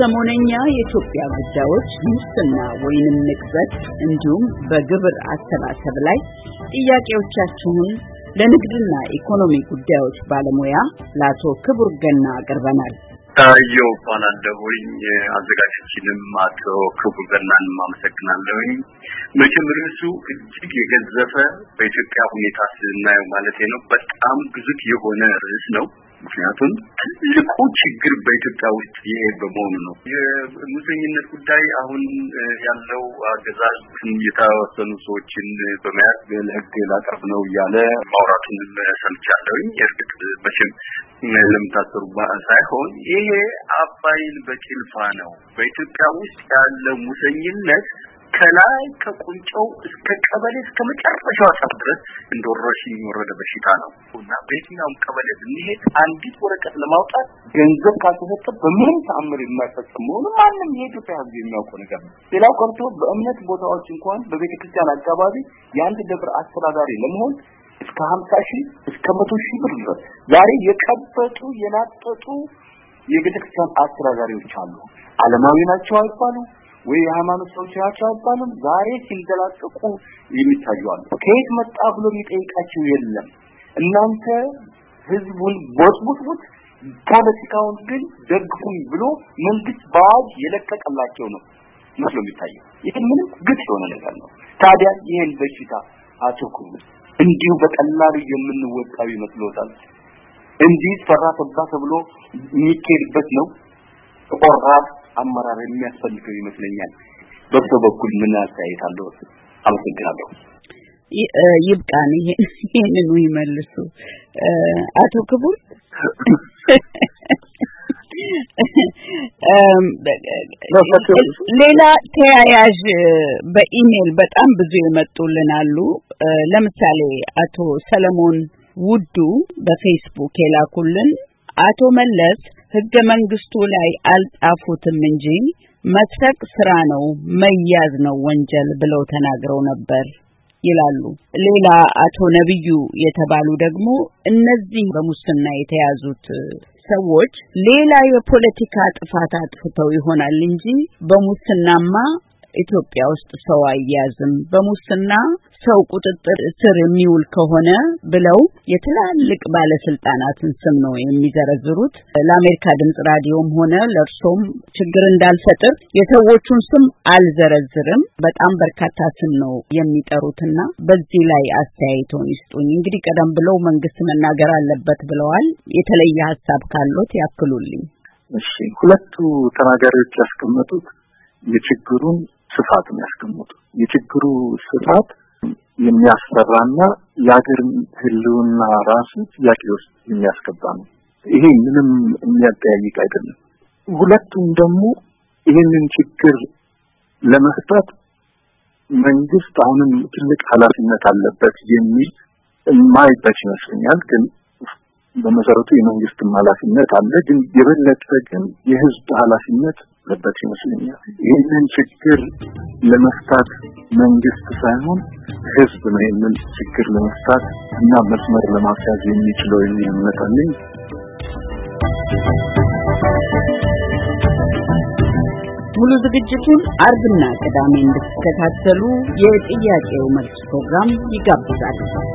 ሰሞነኛ የኢትዮጵያ ጉዳዮች፣ ሙስና ወይንም ንቅዘት፣ እንዲሁም በግብር አሰባሰብ ላይ ጥያቄዎቻችሁን ለንግድና ኢኮኖሚ ጉዳዮች ባለሙያ ለአቶ ክቡር ገና አቅርበናል። ታየው ባላለሁኝ አዘጋጆችንም አቶ ክቡር ገናን አመሰግናለሁኝ። መቼም ርዕሱ እጅግ የገዘፈ በኢትዮጵያ ሁኔታ ስናየው ማለት ነው በጣም ግዙፍ የሆነ ርዕስ ነው። ምክንያቱም ትልቁ ችግር በኢትዮጵያ ውስጥ ይሄ በመሆኑ ነው። የሙሰኝነት ጉዳይ አሁን ያለው አገዛዝ የተወሰኑ ሰዎችን በመያዝ ለህግ ላቀርብ ነው እያለ ማውራቱን ሰምቻለሁኝ። እርግጥ መቼም ለምታሰሩ ሳይሆን ይሄ አባይን በጭልፋ ነው። በኢትዮጵያ ውስጥ ያለው ሙሰኝነት ከላይ ከቁንጮው እስከ ቀበሌ እስከ መጨረሻው አሳብ ድረስ እንደ ወረርሽኝ የወረደ በሽታ ነው እና በየትኛውም ቀበሌ ብንሄድ አንዲት ወረቀት ለማውጣት ገንዘብ ካልተሰጠ በምንም ተአምር የማይፈጸም መሆኑን ማንም የኢትዮጵያ ሕዝብ የሚያውቀው ነገር ነው። ሌላው ቀርቶ በእምነት ቦታዎች እንኳን በቤተ ክርስቲያን አካባቢ የአንድ ደብር አስተዳዳሪ ለመሆን እስከ 50 ሺህ እስከ 100 ሺህ ብር ድረስ ዛሬ የቀበጡ የናጠጡ የቤተክርስቲያን አስተዳዳሪዎች አሉ። አለማዊ ናቸው አይባሉ ወይ የሃይማኖት ሰዎች ናቸው አይባልም። ዛሬ ሲንደላቅቁ የሚታዩ አሉ። ከየት መጣ ብሎ የሚጠይቃቸው የለም። እናንተ ህዝቡን ቦጥቡጥቡት ፖለቲካውን ግን ደግፉኝ ብሎ መንግስት በአዋጅ የለቀቀላቸው ነው መስሎ የሚታየው። ይሄ ምንም ግልጽ የሆነ ነገር ነው። ታዲያ ይሄን በሽታ አትኩሩ። እንዲሁ በቀላሉ የምንወጣው ይመስሎታል? እንዲህ ፈራ ተብሎ የሚካሄድበት ነው ቆራጥ አመራር የሚያስፈልገው ይመስለኛል። በእርሶ በኩል ምን አስተያየት አለው? አመሰግናለሁ። ይብቃን፣ ይሄንን ይመልሱ አቶ ክቡር። ሌላ ተያያዥ በኢሜል በጣም ብዙ የመጡልን አሉ። ለምሳሌ አቶ ሰለሞን ውዱ በፌስቡክ የላኩልን አቶ መለስ ህገ መንግስቱ ላይ አልጻፉትም እንጂ መስረቅ ስራ ነው፣ መያዝ ነው ወንጀል ብለው ተናግረው ነበር ይላሉ። ሌላ አቶ ነብዩ የተባሉ ደግሞ እነዚህ በሙስና የተያዙት ሰዎች ሌላ የፖለቲካ ጥፋት አጥፍተው ይሆናል እንጂ በሙስናማ ኢትዮጵያ ውስጥ ሰው አያዝም፣ በሙስና ሰው ቁጥጥር ስር የሚውል ከሆነ ብለው የትላልቅ ባለስልጣናትን ስም ነው የሚዘረዝሩት። ለአሜሪካ ድምጽ ራዲዮም ሆነ ለእርሶም ችግር እንዳልፈጥር የሰዎቹን ስም አልዘረዝርም። በጣም በርካታ ስም ነው የሚጠሩትና በዚህ ላይ አስተያየቶን ይስጡኝ። እንግዲህ ቀደም ብለው መንግስት መናገር አለበት ብለዋል። የተለየ ሀሳብ ካሎት ያክሉልኝ። እሺ፣ ሁለቱ ተናጋሪዎች ያስቀመጡት የችግሩን ስፋት ነው ያስቀመጡት። የችግሩ ስፋት የሚያስፈራና የሀገር ህልውና ራሱ ጥያቄ ውስጥ የሚያስገባ ነው። ይሄ ምንም የሚያጠያይቅ አይደለም። ሁለቱም ደግሞ ይህንን ችግር ለመፍታት መንግስት አሁንም ትልቅ ኃላፊነት አለበት የሚል የማይበት ይመስለኛል። ግን በመሰረቱ የመንግስትም ኃላፊነት አለ። ግን የበለጠ ግን የህዝብ ኃላፊነት አለበት ይመስለኛል። ይህንን ችግር ለመፍታት መንግስት ሳይሆን ህዝብ ነው ይህንን ችግር ለመፍታት እና መስመር ለማስያዝ የሚችለው የሚል እምነት አለኝ። ሙሉ ዝግጅቱን አርብና ቅዳሜ እንድትከታተሉ የጥያቄው መልስ ፕሮግራም ይጋብዛል።